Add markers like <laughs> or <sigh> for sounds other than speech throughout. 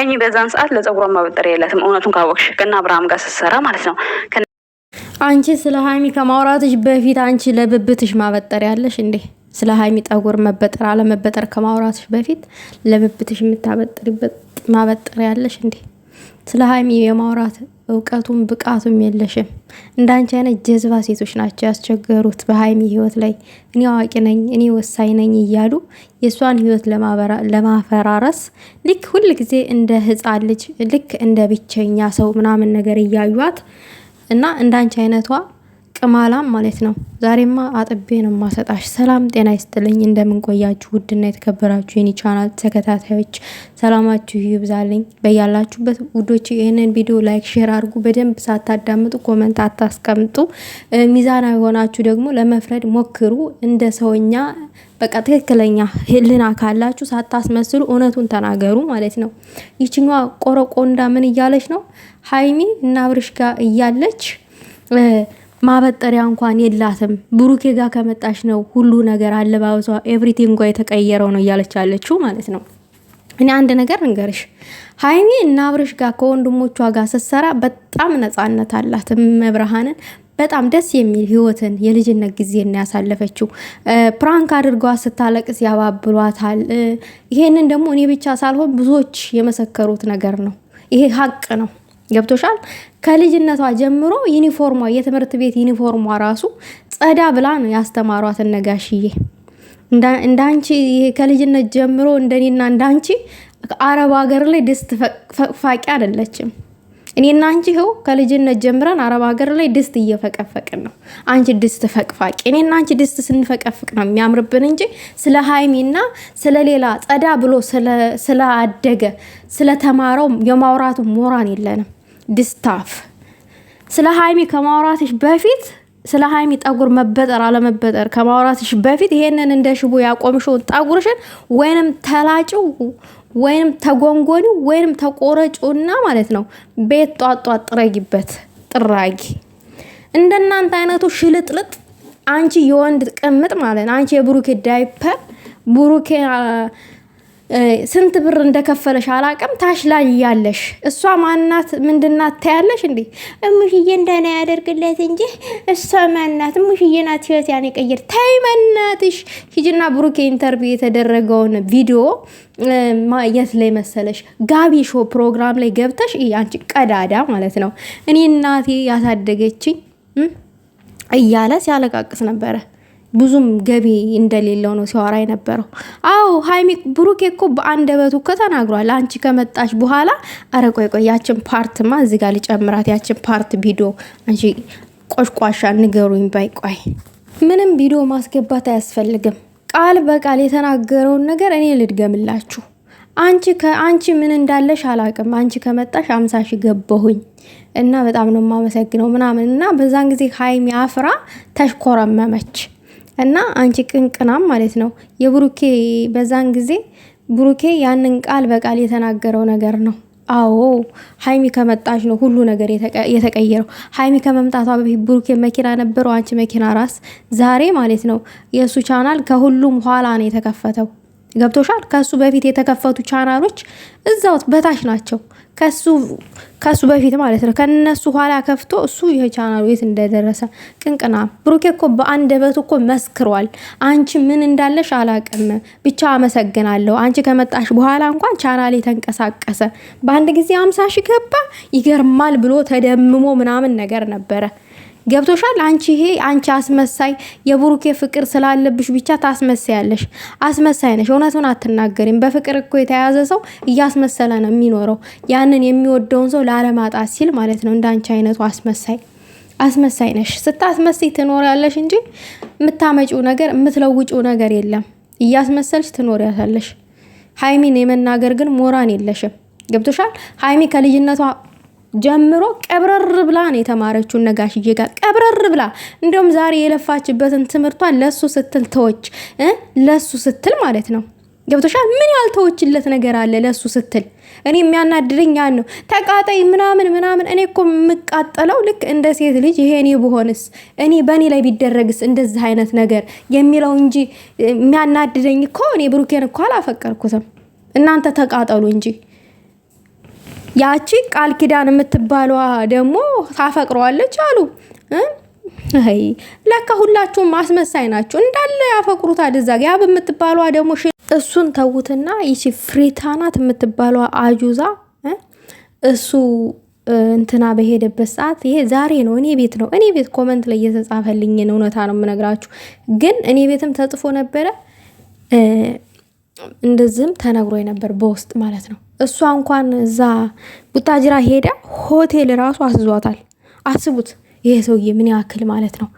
ሀይሚ በዛን ሰዓት ለጸጉሯ ማበጠሪያ የለትም። እውነቱን ካወቅሽ ከና አብርሃም ጋር ስትሰራ ማለት ነው። አንቺ ስለ ሀይሚ ከማውራትሽ በፊት አንቺ ለብብትሽ ማበጠር ያለሽ እንዴ? ስለ ሀይሚ ጠጉር መበጠር አለመበጠር ከማውራትሽ በፊት ለብብትሽ የምታበጥሪበት ማበጠር ያለሽ እንዴ? ስለ ሀይሚ የማውራት እውቀቱም ብቃቱም የለሽም። እንዳንቺ አይነት ጀዝባ ሴቶች ናቸው ያስቸገሩት በሀይሚ ህይወት ላይ እኔ አዋቂ ነኝ፣ እኔ ወሳኝ ነኝ እያሉ የእሷን ህይወት ለማፈራረስ ልክ ሁል ጊዜ እንደ ህፃን ልጅ ልክ እንደ ብቸኛ ሰው ምናምን ነገር እያዩት እና እንዳንቺ አይነቷ ቅማላም ማለት ነው። ዛሬማ አጥቤ ነው ማሰጣሽ። ሰላም ጤና ይስጥልኝ፣ እንደምንቆያችሁ ውድና የተከበራችሁ የኔ ቻናል ተከታታዮች ሰላማችሁ ይብዛልኝ በያላችሁበት ውዶች። ይህንን ቪዲዮ ላይክ፣ ሼር አድርጉ። በደንብ ሳታዳምጡ ኮመንት አታስቀምጡ። ሚዛናዊ የሆናችሁ ደግሞ ለመፍረድ ሞክሩ። እንደ ሰውኛ በቃ ትክክለኛ ህልና ካላችሁ ሳታስመስሉ እውነቱን ተናገሩ ማለት ነው። ይችኛዋ ቆረቆንዳ ምን እያለች ነው? ሀይሚ እና አብርሽ ጋር እያለች ማበጠሪያ እንኳን የላትም። ብሩኬ ጋር ከመጣች ነው ሁሉ ነገር አለባበሷ፣ ኤቭሪቲንጓ የተቀየረው ነው እያለች ያለችው ማለት ነው። እኔ አንድ ነገር እንገርሽ ሀይሚ እና አብርሽ ጋር ከወንድሞቿ ጋር ስትሰራ በጣም ነፃነት አላት። መብርሃንን በጣም ደስ የሚል ህይወትን የልጅነት ጊዜን ያሳለፈችው። ፕራንክ አድርጓ ስታለቅስ ያባብሏታል። ይሄንን ደግሞ እኔ ብቻ ሳልሆን ብዙዎች የመሰከሩት ነገር ነው። ይሄ ሀቅ ነው። ገብቶሻል። ከልጅነቷ ጀምሮ ዩኒፎርሟ፣ የትምህርት ቤት ዩኒፎርሟ ራሱ ጸዳ ብላ ነው ያስተማሯት ነጋሽዬ። እንዳንቺ ይሄ ከልጅነት ጀምሮ እንደኔና እንዳንቺ አረብ ሀገር ላይ ድስት ፈቅፋቂ አይደለችም። እኔና አንቺ ይኸው ከልጅነት ጀምረን አረብ ሀገር ላይ ድስት እየፈቀፈቅን ነው። አንቺ ድስት ፈቅፋቂ፣ እኔና አንቺ ድስት ስንፈቀፍቅ ነው የሚያምርብን እንጂ ስለ ሀይሚና ስለ ሌላ ጸዳ ብሎ ስለ አደገ ስለ ተማረው የማውራቱ ሞራን የለንም። ዲስታፍ ስለ ሀይሚ ከማውራትሽ በፊት ስለ ሀይሚ ጠጉር መበጠር አለመበጠር ከማውራትሽ በፊት ይሄንን እንደ ሽቦ ያቆምሽውን ጠጉርሽን ወይንም ተላጭው ወይንም ተጎንጎኒ ወይንም ተቆረጩና ማለት ነው ቤት ጧጧ ጥረጊበት ጥራጊ። እንደናንተ አይነቱ ሽልጥልጥ አንቺ የወንድ ቅምጥ ማለት አንቺ የብሩኬ ዳይፐር ብሩኬ ስንት ብር እንደከፈለሽ አላቅም። ታሽ ላይ እያለሽ እሷ ማናት ምንድናት ታያለሽ እንዴ? እሙሽዬ እንደና ያደርግለት እንጂ እሷ ማናት? እሙሽዬ ናት ህይወት ያን የቀየር ታይ መናትሽ። ሂጅና ብሩኬ ኢንተርቪው የተደረገውን ቪዲዮ የት ላይ መሰለሽ ጋቢ ሾ ፕሮግራም ላይ ገብተሽ አንቺ ቀዳዳ ማለት ነው እኔ እናቴ ያሳደገችኝ እያለ ሲያለቃቅስ ነበረ። ብዙም ገቢ እንደሌለው ነው ሲያወራ የነበረው። አዎ ሀይሚ ብሩኬ እኮ በአንደበቱ እኮ ተናግሯል። አንቺ ከመጣች በኋላ አረ ቆይ ቆይ ያችን ፓርትማ እዚህ ጋር ልጨምራት። ያችን ፓርት ቪዲዮ አንቺ ቆሽቋሻ ንገሩኝ ባይ ቆይ ምንም ቪዲዮ ማስገባት አያስፈልግም። ቃል በቃል የተናገረውን ነገር እኔ ልድገምላችሁ። አንቺ ከአንቺ ምን እንዳለሽ አላቅም። አንቺ ከመጣሽ አምሳ ሺ ገባሁኝ እና በጣም ነው የማመሰግነው ምናምን እና በዛን ጊዜ ሀይሚ አፍራ ተሽኮረመመች። እና አንቺ ቅንቅናም ማለት ነው የብሩኬ በዛን ጊዜ ብሩኬ ያንን ቃል በቃል የተናገረው ነገር ነው። አዎ ሀይሚ ከመጣች ነው ሁሉ ነገር የተቀየረው። ሀይሚ ከመምጣቷ በፊት ብሩኬ መኪና ነበረው፣ አንቺ መኪና ራስ። ዛሬ ማለት ነው የእሱ ቻናል ከሁሉም ኋላ ነው የተከፈተው። ገብቶሻል። ከሱ በፊት የተከፈቱ ቻናሎች እዛው በታች ናቸው። ከሱ በፊት ማለት ነው። ከነሱ ኋላ ከፍቶ እሱ ይሄ ቻናሉ የት እንደደረሰ ቅንቅና። ብሩኬ እኮ በአንደበት እኮ መስክሯል። አንቺ ምን እንዳለሽ አላቅም፣ ብቻ አመሰግናለሁ። አንቺ ከመጣሽ በኋላ እንኳን ቻናል የተንቀሳቀሰ በአንድ ጊዜ አምሳ ሺ ገባ፣ ይገርማል ብሎ ተደምሞ ምናምን ነገር ነበረ። ገብቶሻል። አንቺ ይሄ አንቺ አስመሳይ የብሩኬ ፍቅር ስላለብሽ ብቻ ታስመሳያለሽ። አስመሳይ ነሽ፣ እውነቱን አትናገሪም። በፍቅር እኮ የተያዘ ሰው እያስመሰለ ነው የሚኖረው፣ ያንን የሚወደውን ሰው ላለማጣት ሲል ማለት ነው። እንዳንቺ አይነቱ አስመሳይ አስመሳይ ነሽ። ስታስመስይ ትኖሪያለሽ እንጂ የምታመጪው ነገር የምትለውጪው ነገር የለም። እያስመሰልሽ ትኖሪያታለሽ። ሀይሚን የመናገር ግን ሞራን የለሽም። ገብቶሻል። ሀይሚ ከልጅነቷ ጀምሮ ቀብረር ብላ ነው የተማረችውን ነጋሽዬ ጋር ቀብረር ብላ እንደውም ዛሬ የለፋችበትን ትምህርቷን ለሱ ስትል ተወች። ለሱ ስትል ማለት ነው። ገብቶሻል? ምን ያልተወችለት ነገር አለ ለሱ ስትል? እኔ የሚያናድደኝ ያን ነው። ተቃጠይ ምናምን ምናምን። እኔ እኮ የምቃጠለው ልክ እንደ ሴት ልጅ ይሄ እኔ ብሆንስ፣ እኔ በእኔ ላይ ቢደረግስ እንደዚህ አይነት ነገር የሚለው እንጂ የሚያናድደኝ እኮ እኔ ብሩኬን እኮ አላፈቀርኩትም። እናንተ ተቃጠሉ እንጂ ያቺ ቃል ኪዳን የምትባሏ ደግሞ ታፈቅረዋለች አሉ። አይ ለካ ሁላችሁም አስመሳይ ናቸው እንዳለ ያፈቅሩት አደዛ ያ በምትባሏ ደግሞ እሱን ተዉትና፣ ይቺ ፍሬታናት የምትባሏ አጁዛ እሱ እንትና በሄደበት ሰዓት ይሄ ዛሬ ነው እኔ ቤት ነው እኔ ቤት ኮመንት ላይ እየተጻፈልኝን እውነታ ነው የምነግራችሁ። ግን እኔ ቤትም ተጽፎ ነበረ እንደዚህም ተነግሮ ነበር በውስጥ ማለት ነው። እሷ እንኳን እዛ ቡታጅራ ሄዳ ሆቴል ራሱ አስዟታል። አስቡት ይሄ ሰውዬ ምን ያክል ማለት ነው።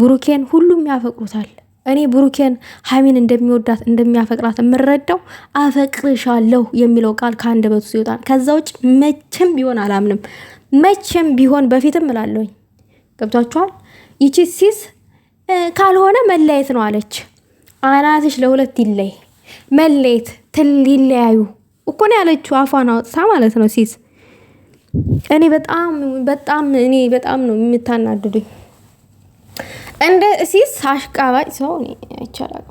ብሩኬን ሁሉም ያፈቅሩታል። እኔ ብሩኬን ሀሚን እንደሚወዳት እንደሚያፈቅራት የምረዳው አፈቅርሻለሁ የሚለው ቃል ከአንደበቱ ሲወጣ፣ ከዛ ውጭ መቼም ቢሆን አላምንም። መቼም ቢሆን በፊትም እላለሁኝ። ገብቷችኋል? ይቺ ሲስ ካልሆነ መለያየት ነው አለች። አናትሽ ለሁለት ይለይ መሌት ትል ይለያዩ እኮ ነው ያለችው፣ አፏን አውጥታ ማለት ነው። ሲስ እኔ በጣም በጣም እኔ በጣም ነው የምታናድዱኝ። እንደ ሲስ አሽቃባጭ ሰው ይቻላል።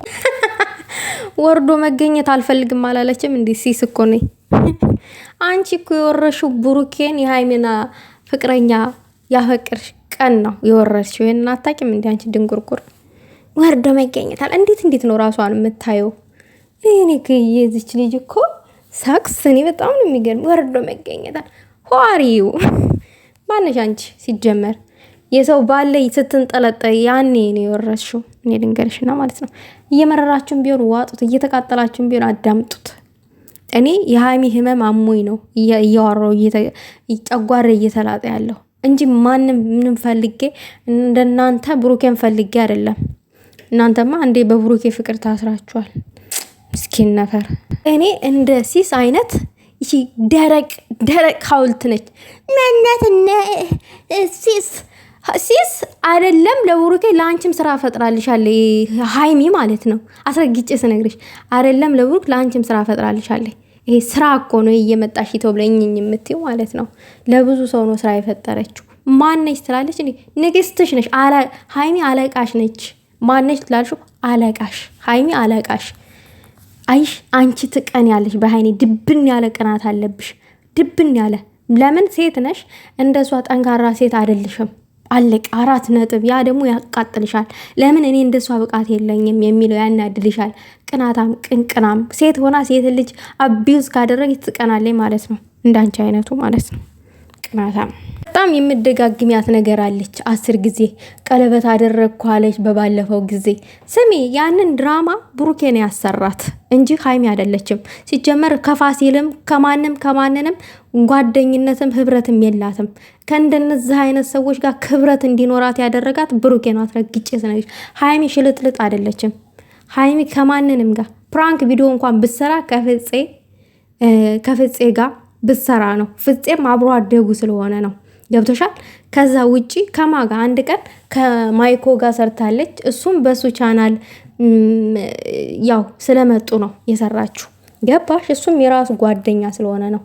<laughs> ወርዶ መገኘት አልፈልግም አላለችም። እንዲ ሲስ እኮ ነኝ። <laughs> አንቺ እኮ የወረሹ ቡሩኬን የሃይሜና ፍቅረኛ ያፈቅርሽ ቀን ነው የወረሽ። ይህን አታውቂም? እንዲ አንቺ ድንጉርጉር ወርዶ መገኘታል። እንዴት እንዴት ነው ራሷን የምታየው? እኔ የዚች ልጅ እኮ ሳክስ እኔ በጣም ነው የሚገርም። ወርዶ መገኘታል ሆዋሪው ማነሽ አንቺ? ሲጀመር የሰው ባለ ስትንጠለጠ ያኔ ነው የወረሽው። እኔ ልንገርሽና ማለት ነው እየመረራችሁን ቢሆን ዋጡት፣ እየተቃጠላችሁን ቢሆን አዳምጡት። እኔ የሀይሚ ህመም አሞኝ ነው እያወራው ጨጓሬ እየተላጠ ያለው እንጂ ማንም ምንም ፈልጌ እንደናንተ ብሩኬን ፈልጌ አይደለም። እናንተማ እንዴ በብሩኬ ፍቅር ታስራችኋል። ምስኪን ነፈር። እኔ እንደ ሲስ አይነት ይቺ ደረቅ ደረቅ ሀውልት ነች። መነት ሲስ ሲስ አይደለም ለቡሩኬ ለአንቺም ስራ ፈጥራልሻለ ሀይሚ ማለት ነው። አስረግጬ ስነግርሽ አይደለም ለቡሩክ ለአንቺም ስራ ፈጥራልሻለ። ይሄ ስራ እኮ ነው እየመጣሽ ተው ብለኝኝ የምትይው ማለት ነው። ለብዙ ሰው ነው ስራ የፈጠረችው። ማነች ትላለች ንግስትሽ ነች ሀይሚ አለቃሽ ነች። ማነች ትላለች። አለቃሽ ሀይሚ አለቃሽ አይሽ አንቺ ትቀን ያለሽ በሀይኔ ድብን ያለ ቅናት አለብሽ። ድብን ያለ ለምን ሴት ነሽ? እንደሷ ጠንካራ ሴት አይደልሽም አለቅ አራት ነጥብ። ያ ደግሞ ያቃጥልሻል። ለምን እኔ እንደሷ ብቃት የለኝም የሚለው ያናድልሻል። ቅናታም ቅንቅናም ሴት ሆና ሴት ልጅ አቢዩዝ ካደረግ ትቀናለች ማለት ነው። እንዳንቺ አይነቱ ማለት ነው። ቅናታም በጣም የምደጋግሚያት ነገር አለች። አስር ጊዜ ቀለበት አደረግኩ አለች በባለፈው ጊዜ። ስሜ ያንን ድራማ ብሩኬን ያሰራት እንጂ ሀይሚ አይደለችም። ሲጀመር ከፋሲልም ከማንም ከማንንም ጓደኝነትም ህብረትም የላትም። ከእንደነዚህ አይነት ሰዎች ጋር ክብረት እንዲኖራት ያደረጋት ብሩኬን አትረግጭ ነች። ሀይሚ ሽልጥልጥ አይደለችም። ሀይሚ ከማንንም ጋር ፕራንክ ቪዲዮ እንኳን ብሰራ ከፍፄ ከፍፄ ጋር ብትሰራ ነው። ፍፄም አብሮ አደጉ ስለሆነ ነው። ገብቶሻል። ከዛ ውጪ ከማጋ አንድ ቀን ከማይኮ ጋር ሰርታለች። እሱም በሱ ቻናል ያው ስለመጡ ነው የሰራችው። ገባሽ? እሱም የራሱ ጓደኛ ስለሆነ ነው።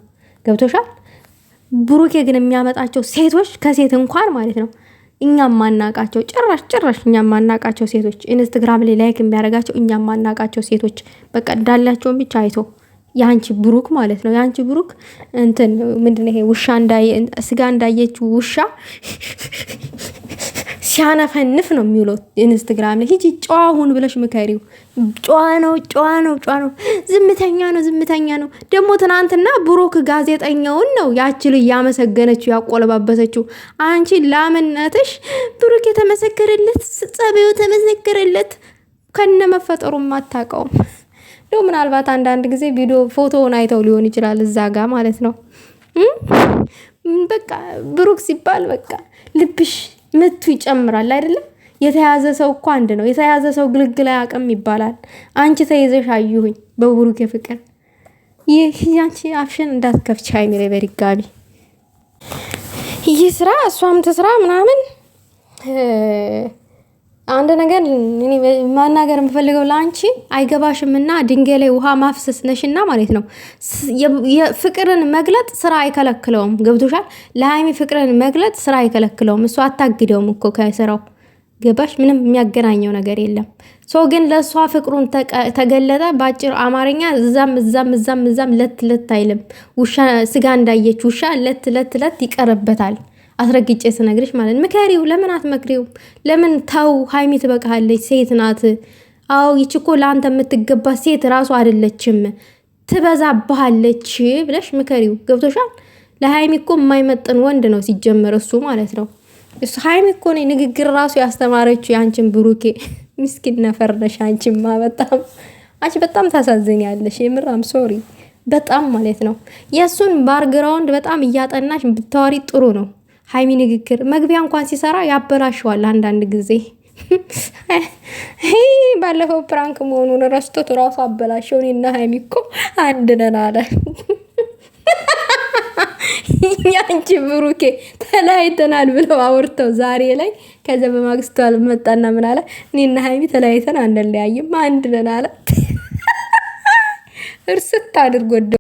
ገብቶሻል። ብሩኬ ግን የሚያመጣቸው ሴቶች ከሴት እንኳን ማለት ነው እኛም ማናቃቸው ጭራሽ ጭራሽ እኛ ማናቃቸው ሴቶች ኢንስትግራም ላይ ላይክ የሚያደርጋቸው እኛ ማናቃቸው ሴቶች በቃ ዳላቸውን ብቻ አይቶ የአንቺ ብሩክ ማለት ነው። የአንቺ ብሩክ እንትን ምንድን ይሄ ውሻ ስጋ እንዳየችው ውሻ ሲያነፈንፍ ነው የሚውለው። ኢንስትግራም ላይ ሂጂ ጨዋ ሁን ብለሽ ምከሪው። ጨዋ ነው፣ ጨዋ ነው፣ ጨዋ ነው፣ ዝምተኛ ነው፣ ዝምተኛ ነው። ደግሞ ትናንትና ብሩክ ጋዜጠኛውን ነው ያችል እያመሰገነችው ያቆለባበሰችው። አንቺ ላምነትሽ ብሩክ የተመሰከረለት ጸበዩ ተመሰከረለት ከነ መፈጠሩም አታውቀውም። እንደው ምናልባት አንዳንድ ጊዜ ቪዲዮ ፎቶውን አይተው ሊሆን ይችላል እዛ ጋ ማለት ነው። በቃ ብሩክ ሲባል በቃ ልብሽ ምቱ ይጨምራል አይደለም። የተያዘ ሰው እኮ አንድ ነው። የተያዘ ሰው ግልግል አያውቅም ይባላል። አንቺ ተይዘሽ አዩሁኝ በብሩክ ፍቅር። ይህ አንቺ አፍሽን እንዳትከፍች ሀይሚሬ በድጋሚ ይህ ስራ እሷም ትስራ ምናምን አንድ ነገር ማናገር የምፈልገው ለአንቺ አይገባሽምና ድንጋይ ላይ ውሃ ማፍሰስ ነሽና ማለት ነው። ፍቅርን መግለጥ ስራ አይከለክለውም። ገብቶሻል? ለሀይሚ ፍቅርን መግለጥ ስራ አይከለክለውም። እሱ አታግደውም እኮ ከስራው ገባሽ? ምንም የሚያገናኘው ነገር የለም። ሰው ግን ለእሷ ፍቅሩን ተገለጠ። በአጭር አማርኛ እዛም እዛም እዛም እዛም ለት ለት አይልም። ውሻ ስጋ እንዳየች ውሻ ለት ለት ለት ይቀርበታል። አስረግጬ ስነግርሽ ማለት ነው። ምከሪው፣ ለምን አትመክሪው? ለምን ተው፣ ሀይሚ ትበቃሃለች፣ ሴት ናት። አዎ ይቺ እኮ ለአንተ የምትገባ ሴት ራሱ አይደለችም፣ ትበዛብሃለች ብለሽ ምከሪው። ገብቶሻል? ለሀይሚ እኮ የማይመጥን ወንድ ነው ሲጀመር እሱ ማለት ነው። እሱ ሀይሚ እኮ ነው ንግግር ራሱ ያስተማረችው የአንችን ብሩኬ ምስኪን ነፈርነሽ አንቺማ። በጣም አንቺ በጣም ታሳዝኛለሽ። የምራም ሶሪ በጣም ማለት ነው። የእሱን ባርግራውንድ በጣም እያጠናሽ ብታዋሪ ጥሩ ነው። ሀይሚ ንግግር መግቢያ እንኳን ሲሰራ ያበላሸዋል አንዳንድ ጊዜ። ባለፈው ፕራንክ መሆኑን ረስቶት ራሱ አበላሸው። እኔና ሀይሚ እኮ አንድ ነን አለ። ያንቺ ብሩኬ ተለያይተናል ብለው አውርተው ዛሬ ላይ ከዚያ በማግስቱ አልመጣና ምን አለ? እኔና ሀይሚ ተለያይተን አንለያይም አንድ ነን አለ። እርስት አድርጎ